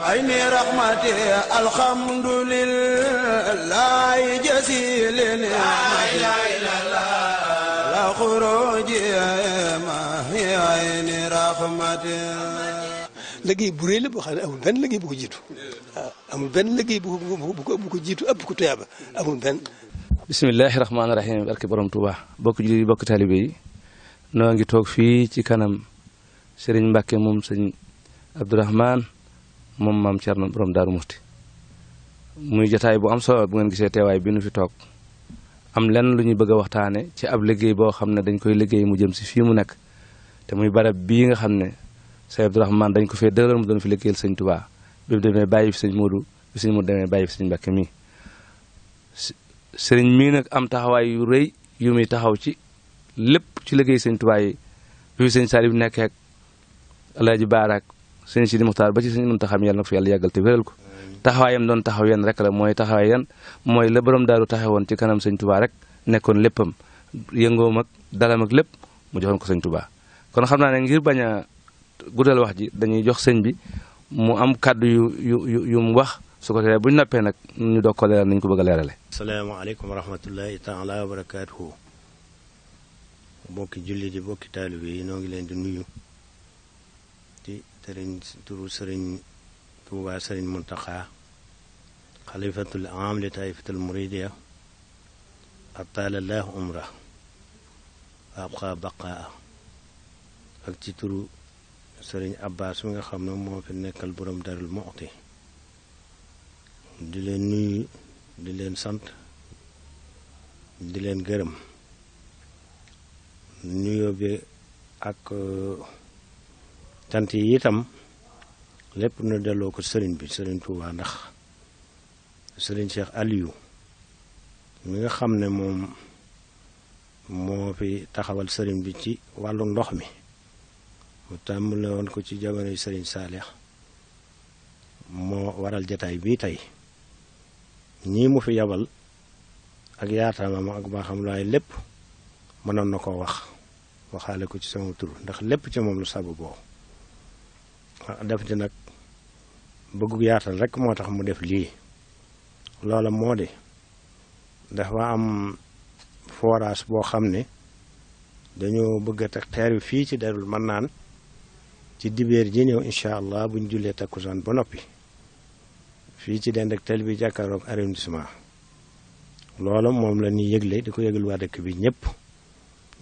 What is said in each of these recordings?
عين رحمتي الحمد لله جزيل نعمتي لا إله إلا لا خروجي ما هي عين رحمتي bu réy la boo xam ne jiitu waaw amul benn liggéey jiitu ab bu ko tuyaaba amul benn rahmaani rahim barke borom Tuuba bokk jullit yi bokk taalibe yi ngi toog fii ci kanam Serigne Mbacke moom sëñ Abdourahmane moom maam Thierno borom Daaru Muxti muy jotaay bu am solo bu ngeen gisee teewaay bi nu fi toog am lenn lu ñuy bëgg a waxtaane ci ab liggéey boo xam ne dañ koy liggéey mu jëm si fii mu nekk te muy barab bii nga xam ne Sëñ man dañ ko fee dëgëral mu doon fi liggéeyal sëñ Tuubaa bi mu bàyyi fi sëñ Moodu bi sëñ demee bàyyi fi sëñ Mbàkke mii sëriñ mii am taxawaay yu rëy yu muy taxaw ci lépp ci liggéey sëñ Tuubaa yi bi fi sëñ Saliou nekkee Baaraak seen Sidi Muxtaar ba ci seen Muntaxa mi yàlla na fi yalla yagal te weral ko taxawayam don taxaw yeen rek la moy taxawaay moy le borom daaru taxawoon ci kanam seigne touba rek nekkon leppam yëngoom ak dalam ak lepp mu joxon ko seigne touba kon xamna ne ngir baña gudal wax ji dañuy jox seigne bi mu am kaddu yu yu mu wax su ko te buñu ñu nak ñu do ko leral ko bëgg assalamu alaykum wa rahmatullahi taala wa barakatuh mbokk julli di mbokki taalibe ngi leen di nuyu. sëriñ turu sëriñ Tuubaa sëriñ Muntaxa xalifatul aam li taifatul muridiya atalallah umra wa abqa baqaa ak ci turu sëriñ Abbas mi nga xam ne moo fi nekkal borom darul muxti di leen nuyu di leen sant di leen gërëm nuyoo bi ak cant yi itam lépp nu delloo ko sëriñ bi sëriñ Touba ndax sëriñ Cheikh Aliou mi nga xam ne moom moo fi taxawal sëriñ bi ci wàllu ndox mi mu tàmbale woon ko ci jamonoy sëriñ Saalix moo waral jataay bii tey ñii mu fi yabal ak yaataamam ak baaxam laay lépp mënoon na ko wax waxaale ko ci sama tur ndax lépp ci moom lu sabu boo Ah, def di nag bëggug yaatal rek moo tax mu def lii loola moo de dafa am forage boo xam ne dañoo bëgg a teg xeer bi fii ci darul mën naan ci dibeer ji ñëw incha allah buñ jullee takkusaan ba noppi fii ci dend ak tel bi jàkkaaroog arrondissement loola moom la ñuy yëgle di ko yëgal waa dëkk bi ñëpp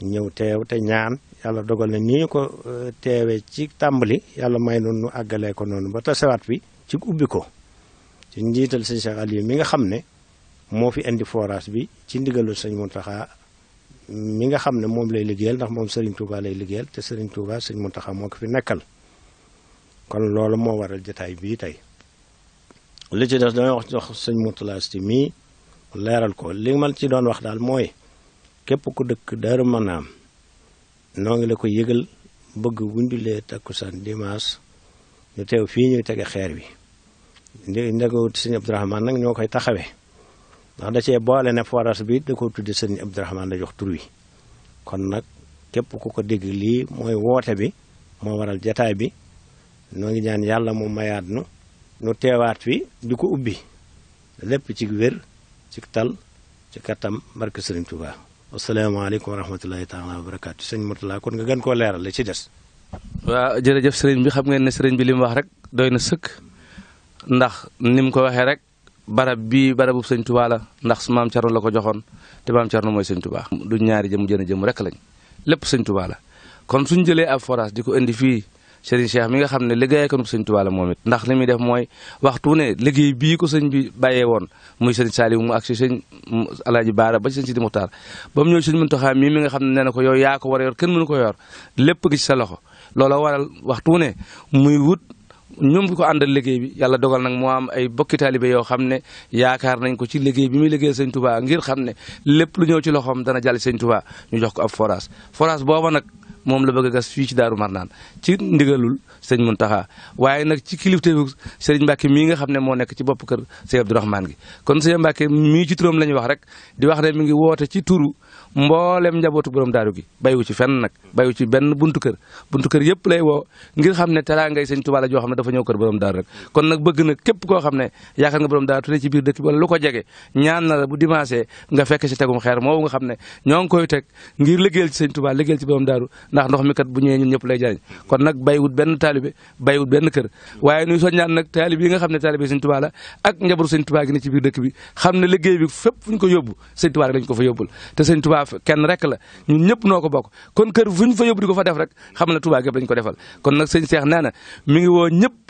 ñëw teew te ñaan yàlla dogal na ni ñu ko euh, teewee ci tàmbali yàlla may noonu nu àggalee ko noonu ba tasewaat bi ci ubbi ko ci njiital sëñ Cheikh Aliou mi nga xam ne moo fi indi forage bi ci ndigalu sëñ Mountakha mi nga xam ne moom lay liggéeyal ndax moom Serigne Touba lay liggéeyal te Serigne Touba sëñ Mountakha moo ko fi nekkal kon loolu moo waral jotaay bii tey li ci damay wax jox sëñ Mountakha si mii leeral ko li man ci doon wax daal mooy. képp ku dëkk Daaru manaam noo ngi la ko yëgal bëgg buñ jullee takkusaan dimaas ñu teew fii ñuy tege xeer wi ndegawut sëñ Abdourahmane nag ñoo koy taxawee ndax da cee boole ne forage bi da ko tudde sëñ Abdourahmane da jox tur wi kon nag képp ku ko dégg lii mooy woote bi moo waral jataay bi noo ngi ñaan yàlla mu mayaat nu nu teewaat fi di ko ubbi lépp ci wér ci tal ci kattam barke Sëriñ Tuubaa asalaamaaleykum wa rahmatullahi taala wa barakaatu sëñ Mourtala kon nga gën koo leeral li ci des. waaw jërëjëf sëriñ bi xam ngeen ne sëriñ bi li mu wax rek doy na sëkk ndax ni ko waxee rek barab bii barabu sëñ Tuubaa ndax su maam Cerno la ko joxoon te maam Cerno mooy sëñ Tuubaa. du ñaari jëm jën a jëm rek lañ lépp sëñ Tuubaa kon suñ jëlee ab forage di ko indi fii. Serigne Cheikh mi nga xam ne liggéeyakanu sëñ Tuubaa la moom it ndax li muy def mooy waxtu ne liggéey bii ko sëñ bi bàyyee woon muy sëñ Saliou mu ak si sëñ Alaaji Baara ba sëñ Sidi Muxtaar ba mu ñëw sëñ Muntaxaa mii mi nga xam ne nee na ko yow yaa war a yor kenn mënu ko yor lépp gi ci sa loxo loola waral waxtu ne muy wut ñoom ko àndal liggéey bi yàlla dogal nag moo am ay bokki taalibe yoo xam ne yaakaar nañ ko ci liggéey bi muy liggéey sëñ Tuubaa ngir xam ne lépp lu ñëw ci loxoom dana jàll sëñ Tuubaa ñu jox ko ab moom la bëgg a gas fii ci Daaru Marnaan ci ndigalul sëñ Muntaxa waaye nag ci kilifteefu sëriñ Mbàkke mii nga xam ne moo nekk ci bopp kër sëñ Abdourahmane gi kon sëñ Mbàkke mii ci turoom la ñuy wax rek di wax ne mi ngi woote ci turu mboolem njabootu borom daaru gi bayu ci fenn nag bayu ci benn buntu kër buntu kër yëpp lay woo ngir xam ne teraangay sëñ Tuubaa la joo xam ne dafa ñëw kër borom daaru rek kon nag bëgg na képp koo xam ne yaakaar nga borom daaru tuddee ci biir dëkk bi wala ko jege ñaan na la bu fekk si tegum xeer moowu nga xam ne ñoo ngi koy teg ngir liggéeyal ci sëñ Tuubaa ci borom daaru ndax ndox mi kat bu ñëwee ñun ñëpp lay jariñ kon nag bàyyiwut benn taalibe bàyyiwut benn kër waaye nuy soññaan nag taalibe yi nga xam ne taalibe sëñ Tuubaa la ak njaboot sëñ Tuubaa gi ci biir dëkk bi xam ne liggéey bi fépp fu ñu ko yóbbu sëñ Tuubaa lañ ko fa yóbbul te sëñ Tuubaa kenn rek la ñun ñëpp noo ko bokk kon kër fu ñu fa yóbbu di ko fa def rek xam ne Tuubaa gépp lañ ko defal kon nag sëñ Seex nee na mi ngi woo ñëpp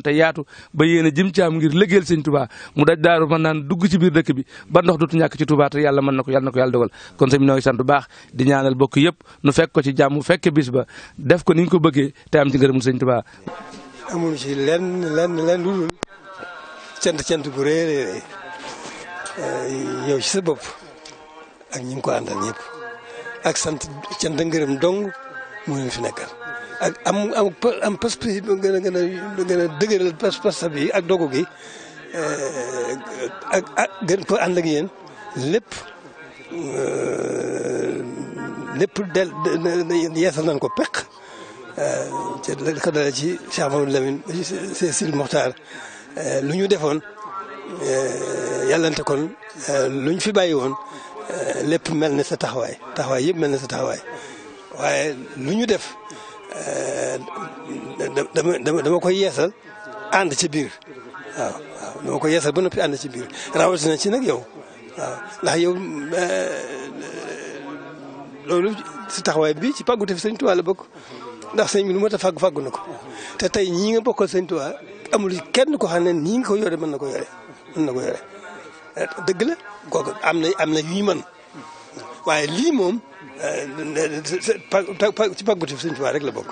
waxtaan te yaatu ba yéen a jëm ci am ngir lëggeel sëñ Tuubaa mu daj daaru mën naan dugg ci biir dëkk bi ba ndox dootu ñàkk ci Tuubaa te yàlla mën na ko yàlla na ko yàlla dogal kon sëñ bi ñoo ngi sant bu baax di ñaanal bokk yëpp nu fekk ko ci jàmm fekk bis def ko ni ñu ko bëggee te am ci ngërëmu sëñ Tuubaa amuñu ci lenn lenn lenn lu dul cant cant gu a eh, sa bopp ak ñi ko àndal ñëpp ak sant cant ngërëm dong mu leen fi nekkal ak am am am pas-pas yi gën a gën a ak dogu gi eh, ak ak gën ko ànd ak yéen lépp eh, lépp del yeesal nañ ko peq te eh, li ko dalee ci Cheikh lu ñu defoon yàllante kon lu ñu fi bàyyi woon lépp mel na sa taxawaay taxawaay yëpp mel na sa taxawaay waaye lu ñu def. dama dama dama koy yeesal ànd ci biir waaw waaw dama koy yeesal ba noppi ànd ci biir rawatina ci nag yow ndax yow eh, loolu si taxawaay bi ci pàggu te fi sëñ Tuubaa la bokk ndax sëñ bi lu mat fag fàggu fàggu na ko te tey ñii nga bokkal sëñ Tuubaa amul kenn ko xam ne nii ko yore mën na ko yore mën na ko yore eh, dëgg la am na am na waaye lii moom. ci pàggatu Sëñ Tuubaa rek la bokk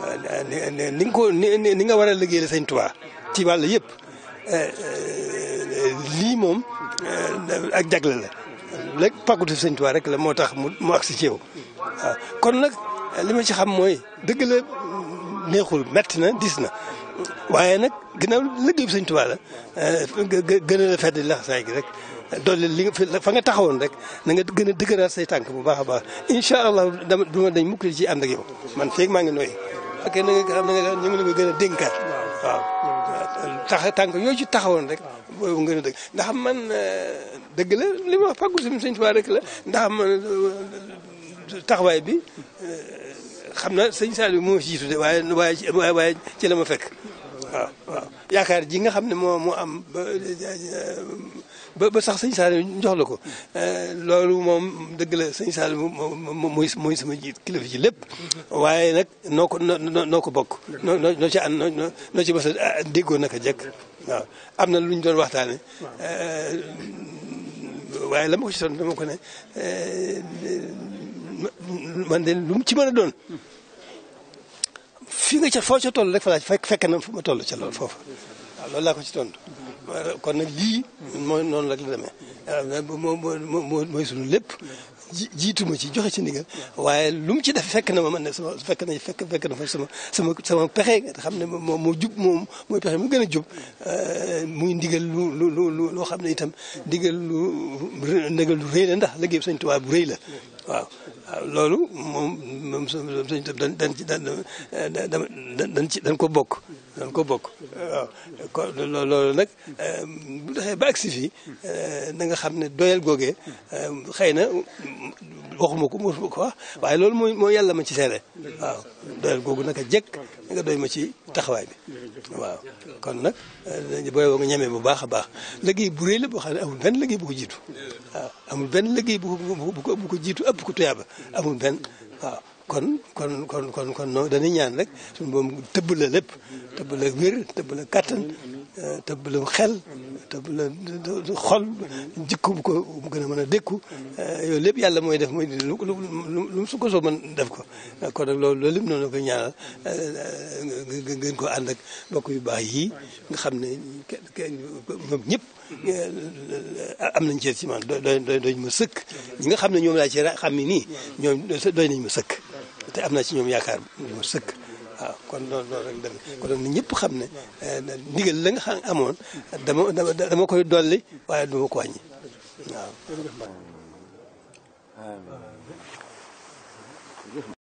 waaw ni nga ko ni nga war a liggéeyal Sëñ Tuubaa ci wàll yëpp lii moom ak jagle la léegi pàggatu Sëñ Tuubaa rek la moo tax mu mu agsi ci kon nag li ma ci xam mooy dëgg la neexul metti na dis na waaye nag ginnaaw liggéey bi sëñ Tuubaa la gën a la fedd laxasaay gi rek dolli li nga fa nga taxawoon rek na nga gën a dëgëraat say tànk bu baax a baax incha allah dama duma dañ mukk ci ànd ak yow man feeg maa ngi nooyi ak na nga xam na nga ñu ngi la gën a dénkaat waaw tànk yooyu ci taxawoon rek boobu ngën ndax man euh, dëgg la li ma fàggu si sëñ Tuubaa rek la euh, taxawaay bi euh, xam na sëñ Saliou moo jiitu de waaye waaye waaye ci la ma fekk yaakaar ji nga xam ne moo moo am ba sax sëñ Saliou jox la ko eh, loolu moom dëgg la sëñ moo mooy mooy sama jiit kilifa ci lépp waaye nag noo ko noo noo ko bokk noo noo ci ànd noo noo ci basa ah, déggoo naka jekk am na lu doon waxtaane eh, waaye la ma ko ci doon dama ko ne eh, man de lu mu ci mën doon fii nga ca foo ca toll rek fa fekk fekk na fu ma toll ca loolu foofu loolu laa ko ci tontu kon nag lii. mooy noonu rek la demee. moom mooy mooy sunu lépp. ji jiitu ma ci joxe ci ndigal waaye lu mu ci def fekk na ma man ne sama fekk na fekk fekk na fa sama sama sama pexe xam ne moom moo jub moom mooy pexe mu gën a jub muy ndigal lu lu lu loo xam ne itam ndigal lu ndigal lu rëy la ndax liggéey Sëñ Tuubaa bu rëy la waaw loolu moom moom sëñ bi dañ dañ ci dañ dañ ci dañ ko bokk. dañ ko bokk waaw kon loolu nag bu doxee ba agsi fii da eh, nga xam ne doyal googee eh, xëy na waxuma ko mosuma ko wax waaye loolu mooy mooy yàlla ma ci seere waaw doyal googu jekk jëkk nga doy ma ci taxawaay bi waaw kon nag booy woo nga ñemee bu baax a baax liggéey bu réy la xam ne amul benn liggéey bu ko jiitu waaw benn liggéey bu ko bu ko jiitu ëpp ko tuyaaba amul benn waaw kon kon kon kon kon noonu dañuy ñaan rek suñu boobu tëbb la lépp tëbb la wér tëbb la kàttan tëbb leen xel tëbb leen xol jikko bu ko mu gën a mën a dékku lépp yàlla mooy def mooy lu lu lu mu su ko soo def ko kon nag loolu loolu lépp noonu la koy ñaanal ngeen ko ànd ak mbokk yu baax yii nga xam ne moom ñëpp am nañ cee ci man doy ma sëkk ñi nga xam ne ñoom laa ci xam ni nañ ma sëkk te am naa ci ñoom yaakaar ma sëkk waaw kon loolu loolu rek dëgg kon nag ñëpp xam ne eh, ndigal la nga xam amoon dama dama dama koy dolli waaye du ma ko wàññi waaw.